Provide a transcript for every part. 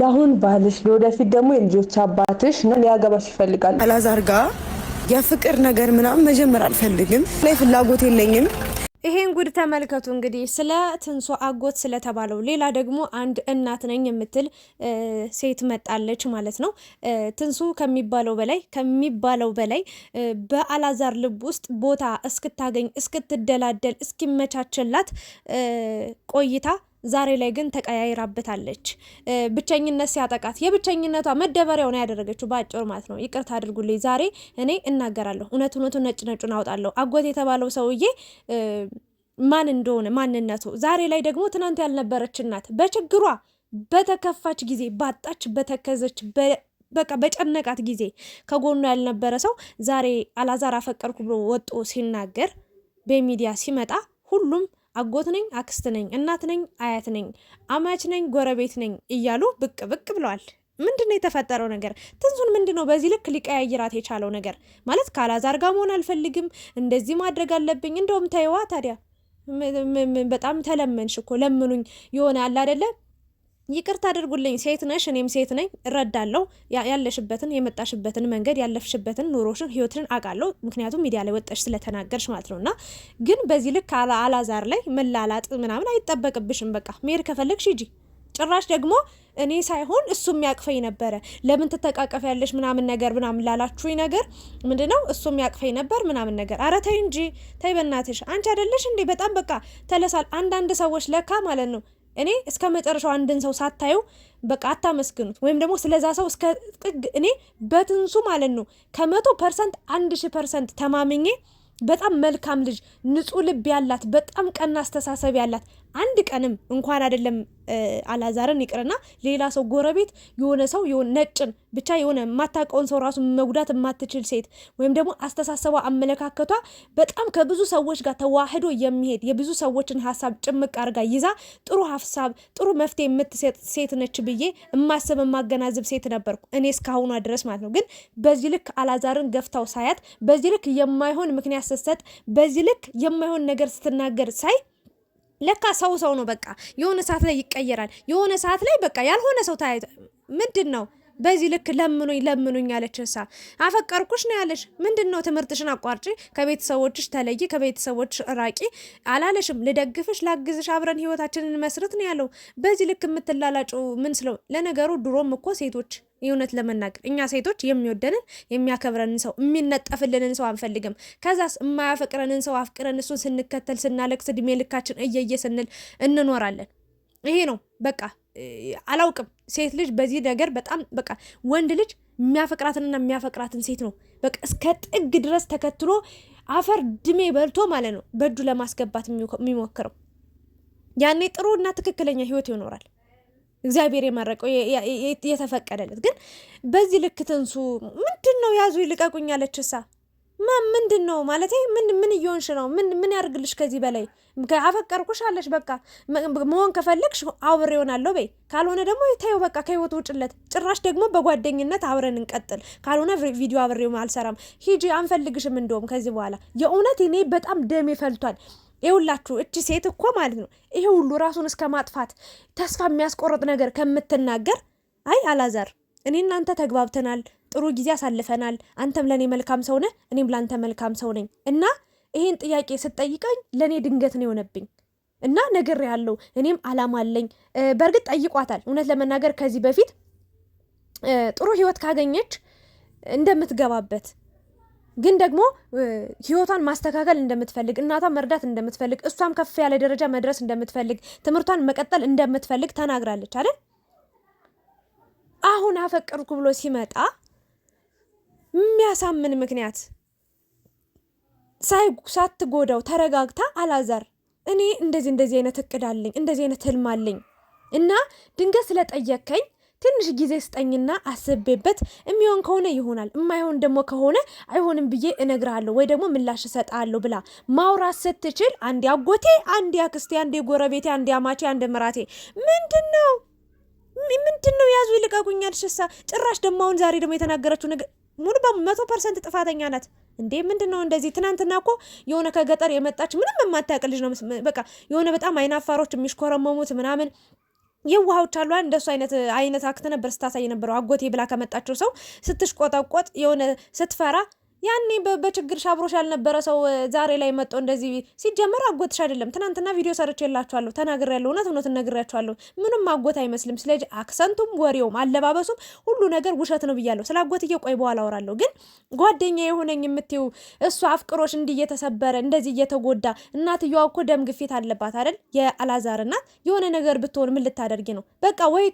ለአሁን ባልሽ ለወደፊት ደግሞ የልጆች አባትሽ ነው። ሊያገባሽ ይፈልጋል። አላዛር ጋ የፍቅር ነገር ምናምን መጀመር አልፈልግም ላይ ፍላጎት የለኝም። ይሄን ጉድ ተመልከቱ እንግዲህ ስለ ትንሶ አጎት ስለተባለው። ሌላ ደግሞ አንድ እናት ነኝ የምትል ሴት መጣለች ማለት ነው። ትንሶ ከሚባለው በላይ ከሚባለው በላይ በአላዛር ልብ ውስጥ ቦታ እስክታገኝ እስክትደላደል እስኪመቻችላት ቆይታ ዛሬ ላይ ግን ተቀያይራበታለች። ብቸኝነት ሲያጠቃት የብቸኝነቷ መደበሪያው ነው ያደረገችው፣ በአጭሩ ማለት ነው። ይቅርታ አድርጉልኝ፣ ዛሬ እኔ እናገራለሁ። እውነት እውነቱ ነጭ ነጩን አውጣለሁ። አጎት የተባለው ሰውዬ ማን እንደሆነ ማንነቱ፣ ዛሬ ላይ ደግሞ ትናንት ያልነበረች እናት በችግሯ በተከፋች ጊዜ ባጣች በተከዘች በቃ በጨነቃት ጊዜ ከጎኗ ያልነበረ ሰው ዛሬ አላዛር አፈቀርኩ ብሎ ወጦ ሲናገር በሚዲያ ሲመጣ ሁሉም አጎት ነኝ፣ አክስት ነኝ፣ እናት ነኝ፣ አያት ነኝ፣ አማች ነኝ፣ ጎረቤት ነኝ እያሉ ብቅ ብቅ ብለዋል። ምንድን ነው የተፈጠረው ነገር? ትንሱን ምንድን ነው በዚህ ልክ ሊቀያይራት የቻለው ነገር? ማለት ካላዛር ጋር መሆን አልፈልግም፣ እንደዚህ ማድረግ አለብኝ፣ እንደውም ተይዋ ታዲያ በጣም ተለመንሽ እኮ ለምኑኝ የሆነ አለ አይደለ ይቅርታ አድርጉልኝ፣ ሴት ነሽ፣ እኔም ሴት ነኝ፣ እረዳለሁ። ያለሽበትን የመጣሽበትን መንገድ ያለፍሽበትን ኑሮሽን ህይወትን አውቃለሁ፣ ምክንያቱም ሚዲያ ላይ ወጣሽ ስለተናገርሽ ማለት ነው። እና ግን በዚህ ልክ አላዛር ላይ መላላጥ ምናምን አይጠበቅብሽም። በቃ መሄድ ከፈለግሽ ሂጂ። ጭራሽ ደግሞ እኔ ሳይሆን እሱ የሚያቅፈኝ ነበረ። ለምን ትተቃቀፍ ያለሽ ምናምን ነገር ምናምን ላላችሁኝ ነገር ምንድን ነው? እሱ የሚያቅፈኝ ነበር ምናምን ነገር። አረ ተይ እንጂ ተይ አንቺ አይደለሽ እንዴ? በጣም በቃ ተለሳል። አንዳንድ ሰዎች ለካ ማለት ነው እኔ እስከ መጨረሻው አንድን ሰው ሳታዩ በቃ አታመስግኑት፣ ወይም ደግሞ ስለዛ ሰው እስከ ጥግ እኔ በትንሱ ማለት ነው ከመቶ ፐርሰንት አንድ ሺህ ፐርሰንት ተማምኜ በጣም መልካም ልጅ፣ ንጹህ ልብ ያላት፣ በጣም ቀና አስተሳሰብ ያላት አንድ ቀንም እንኳን አይደለም አላዛርን ይቅርና ሌላ ሰው ጎረቤት የሆነ ሰው ነጭን ብቻ የሆነ የማታውቀውን ሰው ራሱ መጉዳት የማትችል ሴት ወይም ደግሞ አስተሳሰቧ፣ አመለካከቷ በጣም ከብዙ ሰዎች ጋር ተዋህዶ የሚሄድ የብዙ ሰዎችን ሀሳብ ጭምቅ አድርጋ ይዛ ጥሩ ሀሳብ፣ ጥሩ መፍትሄ የምትሰጥ ሴት ነች ብዬ የማስብ የማገናዝብ ሴት ነበርኩ እኔ እስካሁኗ ድረስ ማለት ነው። ግን በዚህ ልክ አላዛርን ገፍታው ሳያት፣ በዚህ ልክ የማይሆን ምክንያት ስትሰጥ፣ በዚህ ልክ የማይሆን ነገር ስትናገር ሳይ ለካ ሰው ሰው ነው። በቃ የሆነ ሰዓት ላይ ይቀየራል። የሆነ ሰዓት ላይ በቃ ያልሆነ ሰው ታያ ምንድን ነው በዚህ ልክ ለምኑኝ ለምኑኝ ያለች እሳ አፈቀርኩሽ ነው ያለሽ። ምንድን ነው ትምህርትሽን አቋርጪ፣ ከቤተሰቦችሽ ተለይ፣ ከቤተሰቦችሽ ራቂ አላለሽም። ልደግፍሽ፣ ላግዝሽ፣ አብረን ህይወታችንን መስርት ነው ያለው። በዚህ ልክ የምትላላጩ ምን ስለው ለነገሩ ድሮም እኮ ሴቶች እውነት ለመናገር እኛ ሴቶች የሚወደንን የሚያከብረንን ሰው የሚነጠፍልንን ሰው አንፈልግም። ከዛስ የማያፈቅረንን ሰው አፍቅረን እሱን ስንከተል ስናለቅስ እድሜ ልካችን እየየ ስንል እንኖራለን። ይሄ ነው በቃ አላውቅም። ሴት ልጅ በዚህ ነገር በጣም በቃ ወንድ ልጅ የሚያፈቅራትንና የሚያፈቅራትን ሴት ነው በቃ እስከ ጥግ ድረስ ተከትሎ አፈር ድሜ በልቶ ማለት ነው በእጁ ለማስገባት የሚሞክረው። ያኔ ጥሩ እና ትክክለኛ ህይወት ይኖራል። እግዚአብሔር የመረቀው የተፈቀደለት ግን በዚህ ልክ ትንሱ ምንድን ነው? ያዙ ይልቀቁኝ አለች። እሳ ማ ምንድን ነው ማለት ምን ምን እየሆንሽ ነው? ምን ምን ያርግልሽ ከዚህ በላይ አፈቀርኩሽ አለሽ። በቃ መሆን ከፈለግሽ አብሬ እሆናለሁ በይ፣ ካልሆነ ደግሞ ተይው በቃ ከህይወት ውጭለት። ጭራሽ ደግሞ በጓደኝነት አብረን እንቀጥል፣ ካልሆነ ቪዲዮ አብሬው አልሰራም፣ ሂጂ አንፈልግሽም። እንደውም ከዚህ በኋላ የእውነት እኔ በጣም ደሜ ፈልቷል። የሁላችሁ እቺ ሴት እኮ ማለት ነው ይሄ ሁሉ ራሱን እስከ ማጥፋት ተስፋ የሚያስቆርጥ ነገር ከምትናገር፣ አይ አላዛር፣ እኔ እናንተ ተግባብተናል፣ ጥሩ ጊዜ አሳልፈናል። አንተም ለእኔ መልካም ሰው ነህ፣ እኔም ለአንተ መልካም ሰው ነኝ እና ይሄን ጥያቄ ስትጠይቀኝ ለእኔ ድንገት ነው የሆነብኝ እና ነገር ያለው እኔም አላማ አለኝ። በእርግጥ ጠይቋታል። እውነት ለመናገር ከዚህ በፊት ጥሩ ህይወት ካገኘች እንደምትገባበት ግን ደግሞ ህይወቷን ማስተካከል እንደምትፈልግ እናቷን መርዳት እንደምትፈልግ እሷም ከፍ ያለ ደረጃ መድረስ እንደምትፈልግ ትምህርቷን መቀጠል እንደምትፈልግ ተናግራለች አይደል? አሁን አፈቀርኩ ብሎ ሲመጣ የሚያሳምን ምክንያት ሳትጎዳው ተረጋግታ አላዛር እኔ እንደዚህ እንደዚህ አይነት እቅድ አለኝ እንደዚህ አይነት ህልም አለኝ እና ድንገት ስለጠየከኝ ትንሽ ጊዜ ስጠኝና አስቤበት የሚሆን ከሆነ ይሆናል፣ የማይሆን ደግሞ ከሆነ አይሆንም ብዬ እነግራለሁ ወይ ደግሞ ምላሽ እሰጣለሁ ብላ ማውራት ስትችል አንዴ አጎቴ፣ አንዴ አክስቴ፣ አንዴ ጎረቤቴ፣ አንዴ አማቼ፣ አንዴ ምራቴ ምንድን ነው ምንድን ነው ያዙ ይልቀቁኛል ሽሳ ጭራሽ ደግሞ አሁን ዛሬ ደግሞ የተናገረችው ነገር ሙሉ በሙሉ መቶ ፐርሰንት ጥፋተኛ ናት። እንዴ ምንድን ነው እንደዚህ? ትናንትና እኮ የሆነ ከገጠር የመጣች ምንም የማታውቅ ልጅ ነው። በቃ የሆነ በጣም አይናፋሮች የሚሽኮረመሙት ምናምን የዋሃዎች አሏ እንደሱ አይነት አይነት አክት ነበር ስታሳይ ነበረው። አጎቴ ብላ ከመጣቸው ሰው ስትሽቆጠቆጥ የሆነ ስትፈራ ያኔ በችግርሽ አብሮሽ ያልነበረ ሰው ዛሬ ላይ መጥቶ እንደዚህ ሲጀመር አጎትሽ አይደለም። ትናንትና ቪዲዮ ሰርች የላችኋለሁ ተናግር ያለው እውነት እውነት እነግራችኋለሁ። ምንም አጎት አይመስልም። ስለዚህ አክሰንቱም፣ ወሬውም፣ አለባበሱም ሁሉ ነገር ውሸት ነው ብያለሁ። ስለ አጎትዬ ቆይ በኋላ አወራለሁ። ግን ጓደኛ የሆነኝ የምትይው እሱ አፍቅሮሽ እንዲህ እየተሰበረ እንደዚህ እየተጎዳ እናትየዋ እኮ ደም ግፊት አለባት አይደል? የአላዛር እናት የሆነ ነገር ብትሆን ምን ልታደርጊ ነው? በቃ ወይ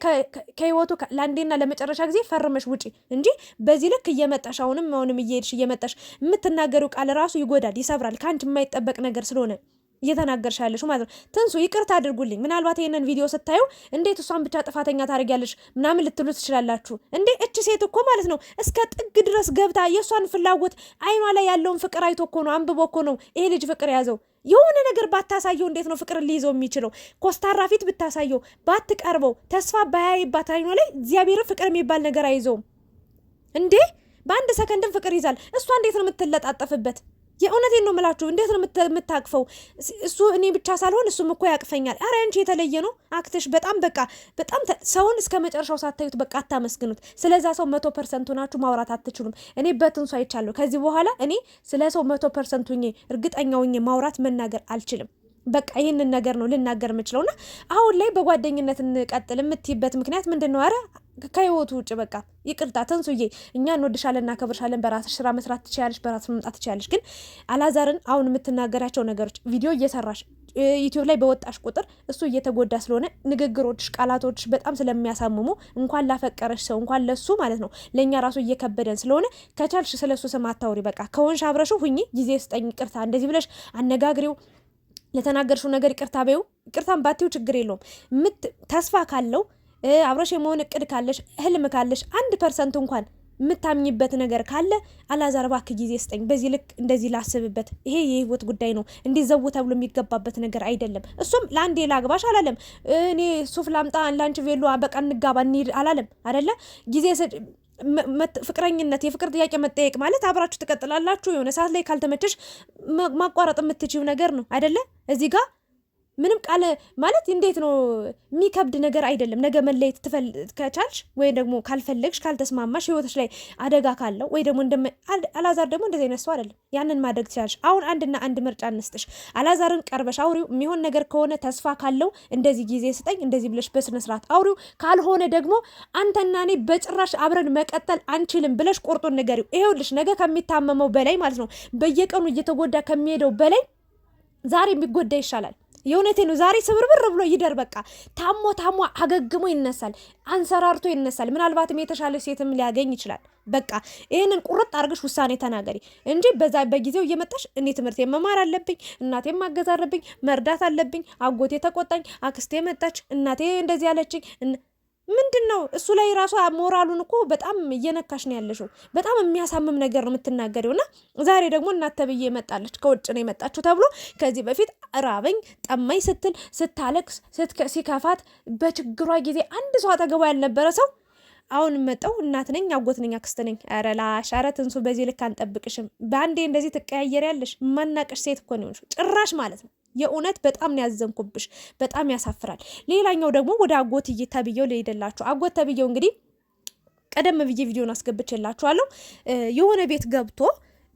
ከህይወቱ ለአንዴና ለመጨረሻ ጊዜ ፈርመሽ ውጪ እንጂ በዚህ ልክ እየመጣሽ አሁንም አሁንም እየሄድሽ እየመጣ መጠሽ የምትናገሩ ቃል ራሱ ይጎዳል፣ ይሰብራል። ከአንቺ የማይጠበቅ ነገር ስለሆነ እየተናገርሽ ያለሽ ማለት ነው። ትንሱ ይቅርታ አድርጉልኝ። ምናልባት ይህንን ቪዲዮ ስታዩ እንዴት እሷን ብቻ ጥፋተኛ ታደርጊያለሽ ምናምን ልትሉ ትችላላችሁ። እንዴ እች ሴት እኮ ማለት ነው እስከ ጥግ ድረስ ገብታ የእሷን ፍላጎት አይኗ ላይ ያለውን ፍቅር አይቶ እኮ ነው አንብቦ እኮ ነው ይሄ ልጅ ፍቅር ያዘው። የሆነ ነገር ባታሳየው እንዴት ነው ፍቅር ሊይዘው የሚችለው? ኮስታራ ፊት ብታሳየው፣ ባትቀርበው፣ ተስፋ ባያይባት አይኗ ላይ እግዚአብሔር ፍቅር የሚባል ነገር አይዘውም እንዴ በአንድ ሰከንድም ፍቅር ይዛል። እሷ እንዴት ነው የምትለጣጠፍበት? የእውነቴን ነው የምላችሁ። እንዴት ነው የምታቅፈው? እሱ እኔ ብቻ ሳልሆን እሱም እኮ ያቅፈኛል። አረ አንቺ የተለየ ነው አክትሽ። በጣም በቃ በጣም ሰውን እስከ መጨረሻው ሳታዩት በቃ አታመስግኑት። ስለዛ ሰው መቶ ፐርሰንቱ ናችሁ ማውራት አትችሉም። እኔ በትንሱ አይቻለሁ። ከዚህ በኋላ እኔ ስለ ሰው መቶ ፐርሰንቱ እርግጠኛው ማውራት መናገር አልችልም። በቃ ይህንን ነገር ነው ልናገር የምችለው። እና አሁን ላይ በጓደኝነት እንቀጥል የምትይበት ምክንያት ምንድን ነው? አረ ከህይወቱ ውጭ በቃ ይቅርታ ተንሱዬ፣ እኛ እንወድሻለን፣ እናከብርሻለን። በራስሽ ስራ መስራት ትችያለሽ፣ በራስሽ መምጣት ትችያለሽ። ግን አላዛርን አሁን የምትናገሪያቸው ነገሮች ቪዲዮ እየሰራሽ ዩቲዩብ ላይ በወጣሽ ቁጥር እሱ እየተጎዳ ስለሆነ ንግግሮች፣ ቃላቶች በጣም ስለሚያሳምሙ እንኳን ላፈቀረሽ ሰው እንኳን ለሱ ማለት ነው ለእኛ ራሱ እየከበደን ስለሆነ ከቻልሽ ስለ እሱ ስም አታውሪ። በቃ ከሆንሽ አብረሽው ሁኚ፣ ጊዜ ስጠኝ፣ ቅርታ እንደዚህ ብለሽ አነጋግሪው ለተናገርሽው ነገር ይቅርታ በይው። ይቅርታን ባትይው ችግር የለውም። ምት ተስፋ ካለው አብረሽ የመሆን እቅድ ካለሽ ህልም ካለሽ አንድ ፐርሰንት እንኳን የምታምኝበት ነገር ካለ አላዛር እባክህ ጊዜ ስጠኝ፣ በዚህ ልክ እንደዚህ ላስብበት። ይሄ የህይወት ጉዳይ ነው፣ ዘው ተብሎ የሚገባበት ነገር አይደለም። እሱም ለአንዴ ላግባሽ አላለም። እኔ ሱፍ ላምጣ ለአንቺ ቬሎ በቃ እንጋባ እንሂድ አላለም። አደለ ጊዜ ፍቅረኝነት የፍቅር ጥያቄ መጠየቅ ማለት አብራችሁ ትቀጥላላችሁ። የሆነ ሰዓት ላይ ካልተመቸሽ ማቋረጥ የምትችው ነገር ነው አይደለ እዚህ ጋር ምንም ቃለ ማለት እንዴት ነው የሚከብድ ነገር አይደለም። ነገ መለየት ከቻልሽ ወይም ደግሞ ካልፈለግሽ፣ ካልተስማማሽ ህይወቶች ላይ አደጋ ካለው ወይ ደግሞ አላዛር ደግሞ እንደዚህ አይነት ሰው አይደለም። ያንን ማድረግ ትችላለሽ። አሁን አንድና አንድ ምርጫ እንስጥሽ። አላዛርን ቀርበሽ አውሪው። የሚሆን ነገር ከሆነ ተስፋ ካለው እንደዚህ ጊዜ ስጠኝ፣ እንደዚህ ብለሽ በስነስርዓት አውሪው። ካልሆነ ደግሞ አንተና እኔ በጭራሽ አብረን መቀጠል አንችልም ብለሽ ቁርጡን ንገሪው። ይሄውልሽ ነገ ከሚታመመው በላይ ማለት ነው በየቀኑ እየተጎዳ ከሚሄደው በላይ ዛሬ የሚጎዳ ይሻላል። የእውነቴ ነው። ዛሬ ስብርብር ብሎ ይደር። በቃ ታሞ ታሞ አገግሞ ይነሳል፣ አንሰራርቶ ይነሳል። ምናልባትም የተሻለ ሴትም ሊያገኝ ይችላል። በቃ ይህንን ቁርጥ አድርገሽ ውሳኔ ተናገሪ እንጂ በዛ በጊዜው እየመጣሽ እኔ ትምህርት መማር አለብኝ፣ እናቴ ማገዝ አለብኝ፣ መርዳት አለብኝ፣ አጎቴ ተቆጣኝ፣ አክስቴ መጣች፣ እናቴ እንደዚህ አለችኝ ምንድን ነው እሱ ላይ ራሷ ሞራሉን እኮ በጣም እየነካሽ ነው ያለሽው። በጣም የሚያሳምም ነገር ነው የምትናገሪው። እና ዛሬ ደግሞ እናተ ብዬ መጣለች፣ ከውጭ ነው የመጣችው ተብሎ ከዚህ በፊት ራበኝ ጠማኝ ስትል ስታለቅስ፣ ሲከፋት፣ በችግሯ ጊዜ አንድ ሰው አጠገቧ ያልነበረ ሰው አሁን መጠው እናት ነኝ አጎት ነኝ አክስት ነኝ ኧረ ላሽ ኧረ ትንሱ በዚህ ልክ አንጠብቅሽም። በአንዴ እንደዚህ ትቀያየር ያለሽ ማናቀሽ ሴት እኮ ነው ጭራሽ ማለት ነው። የእውነት በጣም ነው ያዘንኩብሽ። በጣም ያሳፍራል። ሌላኛው ደግሞ ወደ አጎት ተብዬው ልሄድላችሁ። አጎት ተብዬው እንግዲህ ቀደም ብዬ ቪዲዮን አስገብቼላችኋለሁ። የሆነ ቤት ገብቶ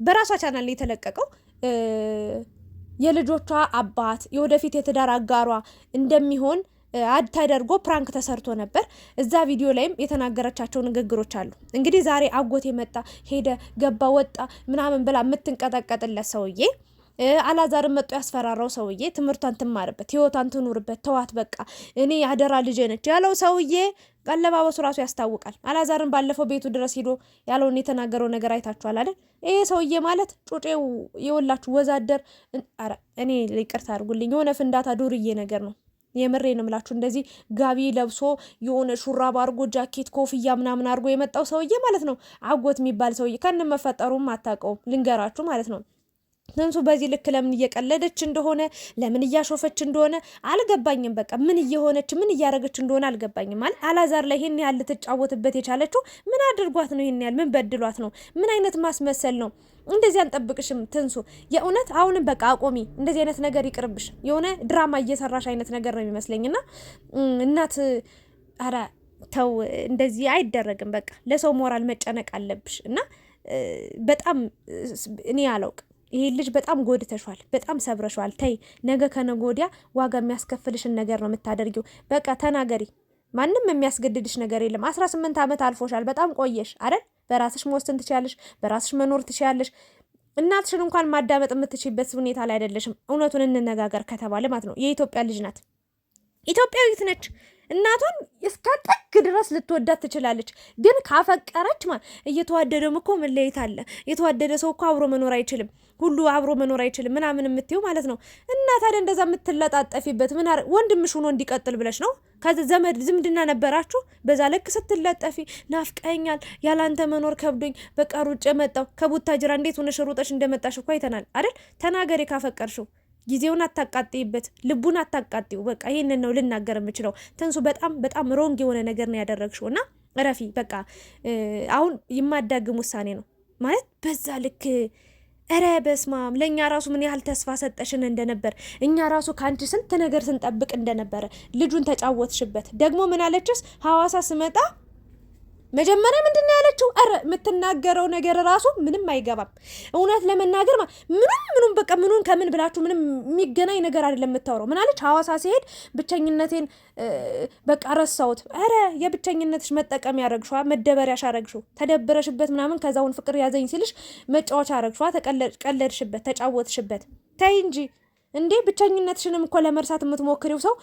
በራሷ ቻናል የተለቀቀው የልጆቿ አባት የወደፊት የትዳር አጋሯ እንደሚሆን አድ ተደርጎ ፕራንክ ተሰርቶ ነበር። እዛ ቪዲዮ ላይም የተናገረቻቸው ንግግሮች አሉ። እንግዲህ ዛሬ አጎቴ መጣ፣ ሄደ፣ ገባ፣ ወጣ ምናምን ብላ የምትንቀጠቀጥለት ሰውዬ አላዛርን መጡ ያስፈራራው ሰውዬ ትምህርቷን ትማርበት፣ ህይወቷን ትኑርበት፣ ተዋት በቃ እኔ ያደራ ልጄ ነች ያለው ሰውዬ አለባበሱ ራሱ ያስታውቃል። አላዛርን ባለፈው ቤቱ ድረስ ሂዶ ያለውን የተናገረው ነገር አይታችኋል አይደል? ይሄ ሰውዬ ማለት ጩጬው የወላችሁ ወዛደር። እኔ ይቅርታ አድርጉልኝ፣ የሆነ ፍንዳታ ዱርዬ ነገር ነው። የምሬ ነው የምላችሁ። እንደዚህ ጋቢ ለብሶ የሆነ ሹራብ አድርጎ ጃኬት፣ ኮፍያ ምናምን አድርጎ የመጣው ሰውዬ ማለት ነው። አጎት የሚባል ሰውዬ ከነ መፈጠሩም አታውቀውም። ልንገራችሁ ማለት ነው ትንሱ በዚህ ልክ ለምን እየቀለደች እንደሆነ ለምን እያሾፈች እንደሆነ አልገባኝም። በቃ ምን እየሆነች ምን እያደረገች እንደሆነ አልገባኝም። ማለት አላዛር ላይ ይሄን ያህል ልትጫወትበት የቻለችው ምን አድርጓት ነው? ይህን ያህል ምን በድሏት ነው? ምን አይነት ማስመሰል ነው? እንደዚህ አንጠብቅሽም ትንሱ። የእውነት አሁንም በቃ አቆሚ፣ እንደዚህ አይነት ነገር ይቅርብሽ። የሆነ ድራማ እየሰራሽ አይነት ነገር ነው የሚመስለኝና እናት አረ ተው፣ እንደዚህ አይደረግም። በቃ ለሰው ሞራል መጨነቅ አለብሽ እና በጣም እኔ አላውቅ ይሄ ልጅ በጣም ጎድተሽዋል፣ በጣም ሰብረሽዋል። ተይ፣ ነገ ከነጎዲያ ዋጋ የሚያስከፍልሽን ነገር ነው የምታደርጊው። በቃ ተናገሪ። ማንም የሚያስገድድሽ ነገር የለም። አስራ ስምንት ዓመት አልፎሻል። በጣም ቆየሽ አይደል? በራስሽ መወሰን ትችያለሽ፣ በራስሽ መኖር ትችያለሽ። እናትሽን እንኳን ማዳመጥ የምትችይበት ሁኔታ ላይ አይደለሽም። እውነቱን እንነጋገር ከተባለ ማለት ነው የኢትዮጵያ ልጅ ናት፣ ኢትዮጵያዊት ነች። እናቷን እስከ ጥግ ድረስ ልትወዳት ትችላለች። ግን ካፈቀረች ማ እየተዋደደም እኮ መለየት አለ። የተዋደደ ሰው እኮ አብሮ መኖር አይችልም፣ ሁሉ አብሮ መኖር አይችልም ምናምን የምትይው ማለት ነው። እና ታዲያ እንደዛ የምትለጣጠፊበት ምን ወንድምሽ ሆኖ እንዲቀጥል ብለሽ ነው? ከዚ ዘመድ ዝምድና ነበራችሁ። በዛ ልክ ስትለጠፊ ናፍቀኛል፣ ያላንተ መኖር ከብዶኝ፣ በቃ ሩጬ መጣሁ። ከቡታጅራ እንዴት ሆነሽ ሩጠሽ እንደመጣሽ እኮ አይተናል አይደል? ተናገሪ ካፈቀርሽው ጊዜውን አታቃጥይበት፣ ልቡን አታቃጥዩ። በቃ ይህንን ነው ልናገር የምችለው። ትንሱ በጣም በጣም ሮንግ የሆነ ነገር ነው ያደረግሽው እና ረፊ በቃ አሁን የማዳግም ውሳኔ ነው ማለት በዛ ልክ እረ በስማም ለእኛ ራሱ ምን ያህል ተስፋ ሰጠሽን እንደነበር እኛ ራሱ ከአንቺ ስንት ነገር ስንጠብቅ እንደነበረ ልጁን ተጫወትሽበት። ደግሞ ምን አለችስ ሀዋሳ ስመጣ መጀመሪያ ምንድን ያለችው? ኧረ የምትናገረው ነገር ራሱ ምንም አይገባም። እውነት ለመናገር ምንም ምኑም በቃ ምኑን ከምን ብላችሁ ምንም የሚገናኝ ነገር አይደለም የምታወራው። ምን አለች? ሐዋሳ ሲሄድ ብቸኝነቴን በቃ ረሳሁት። ኧረ የብቸኝነትሽ መጠቀም ያረግሿ፣ መደበሪያሽ አረግሹ፣ ተደብረሽበት ምናምን ከዛውን ፍቅር ያዘኝ ሲልሽ መጫወቻ አረግሿ፣ ተቀለድሽበት፣ ተጫወትሽበት። ተይ እንጂ እንዴ ብቸኝነትሽንም እኮ ለመርሳት የምትሞክሪው ሰው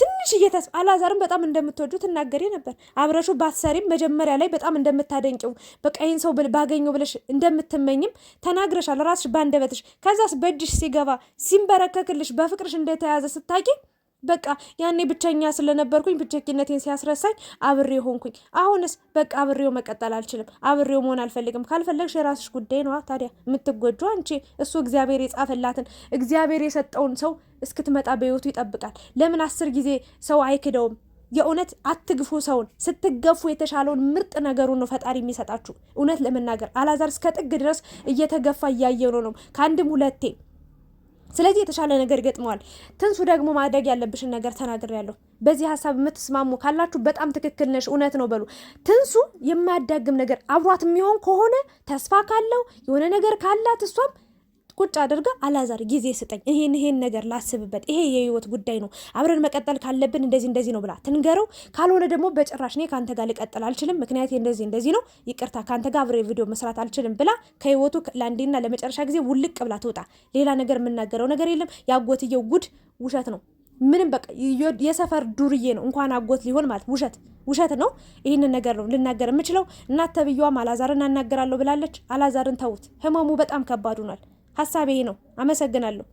ትንሽ እየተስ አላዛርም በጣም እንደምትወጁ ትናገሪ ነበር። አብረሹ ባትሰሪም መጀመሪያ ላይ በጣም እንደምታደንቂው በቀይን ሰው ባገኘው ብለሽ እንደምትመኝም ተናግረሻል ራስሽ ባንደበትሽ። ከዛስ በእጅሽ ሲገባ ሲንበረከክልሽ በፍቅርሽ እንደተያዘ ስታቂ በቃ ያኔ ብቸኛ ስለነበርኩኝ ብቸኝነቴን ሲያስረሳኝ አብሬ ሆንኩኝ። አሁንስ በቃ አብሬው መቀጠል አልችልም፣ አብሬው መሆን አልፈልግም። ካልፈለግሽ የራስሽ ጉዳይ ነዋ። ታዲያ የምትጎጁ አንቺ። እሱ እግዚአብሔር የጻፈላትን እግዚአብሔር የሰጠውን ሰው እስክትመጣ በህይወቱ ይጠብቃል። ለምን አስር ጊዜ ሰው አይክደውም? የእውነት አትግፉ ሰውን። ስትገፉ የተሻለውን ምርጥ ነገሩን ነው ፈጣሪ የሚሰጣችሁ። እውነት ለመናገር አላዛር እስከ ጥግ ድረስ እየተገፋ እያየነው ነው ከአንድም ሁለቴ ስለዚህ የተሻለ ነገር ገጥመዋል። ትንሱ ደግሞ ማድረግ ያለብሽን ነገር ተናግሬያለሁ። በዚህ ሀሳብ የምትስማሙ ካላችሁ በጣም ትክክል ነሽ፣ እውነት ነው በሉ። ትንሱ የማያዳግም ነገር አብሯት የሚሆን ከሆነ ተስፋ ካለው የሆነ ነገር ካላት እሷም ቁጭ አድርጋ አላዛር ጊዜ ስጠኝ፣ ይሄን ይሄን ነገር ላስብበት፣ ይሄ የህይወት ጉዳይ ነው፣ አብረን መቀጠል ካለብን እንደዚህ እንደዚህ ነው ብላ ትንገረው። ካልሆነ ደግሞ በጭራሽ እኔ ከአንተ ጋር ልቀጥል አልችልም፣ ምክንያት እንደዚህ እንደዚህ ነው፣ ይቅርታ ከአንተ ጋር አብሬ ቪዲዮ መስራት አልችልም ብላ ከህይወቱ ለአንዴና ለመጨረሻ ጊዜ ውልቅ ብላ ትውጣ። ሌላ ነገር የምናገረው ነገር የለም። የአጎትየው ጉድ ውሸት ነው። ምንም በቃ የሰፈር ዱርዬ ነው። እንኳን አጎት ሊሆን ማለት ውሸት ውሸት ነው። ይህንን ነገር ነው ልናገር የምችለው። እናት ተብዬዋም አላዛርን አናገራለሁ ብላለች። አላዛርን ተውት፣ ህመሙ በጣም ከባድ ሆኗል። ሀሳብ ይሄ ነው። አመሰግናለሁ።